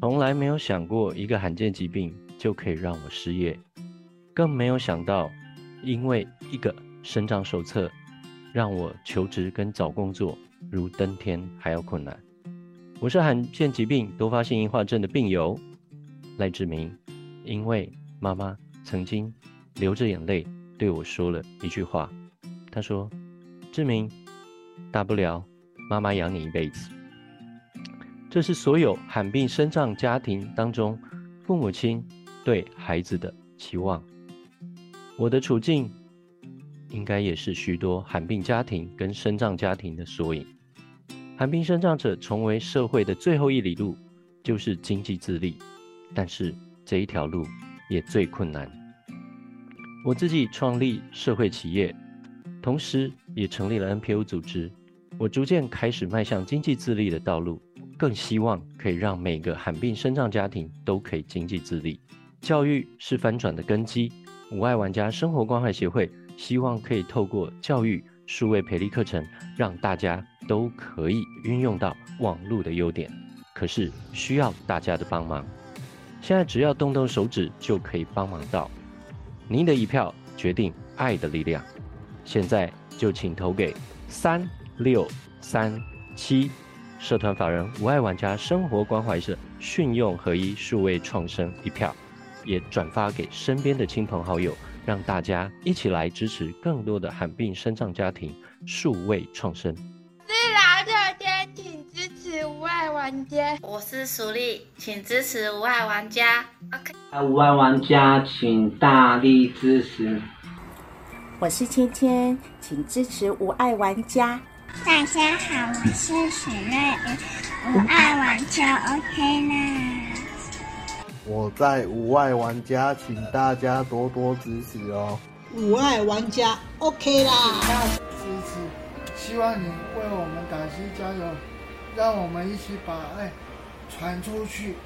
從來沒有想過一個罕見疾病就可以讓我失業，更沒有想到，因為一個生長手冊，讓我求職跟找工作如登天還要困難。我是罕見疾病多發性硬化症的病友賴志明，因為媽媽曾經流着眼淚對我說了一句話，她說：“志明，大不了媽媽養你一輩子。”這是所有罕病身障家庭當中，父母親對孩子的期望。我的處境，應該也是許多罕病家庭跟身障家庭的縮影。罕病身障者成為社會的最後一里路，就是經濟自立，但是這一條路也最困難。我自己創立社會企業，同時也成立了 NPO 組織，我逐漸開始邁向經濟自立的道路。更希望可以讓每個罕病身障家庭都可以經濟自立。教育是翻轉的根基，無礙玩家生活關懷協會希望可以透過教育數位培力課程，讓大家都可以運用到網絡的優點。可是需要大家的幫忙，現在只要動動手指就可以幫忙到。您的一票決定愛的力量，現在就請投給三六三七。社團法人無礙玩家生活關懷社，訓用合一，數位創生一票，也轉發給身邊的親朋好友，讓大家一起來支持更多的罕病、身障家庭數位創生。是老的先請支持無礙玩家，我是淑麗，請支持無礙玩家。OK，無礙玩家請大力支持。我是芊芊，請支持無礙玩家。大家好，我是許瑞，無礙玩家 OK 啦。我在無礙玩家，請大家多多支持哦、喔。無礙玩家 OK 啦，支持，希望您為我們感謝加油，讓我們一起把愛傳出去。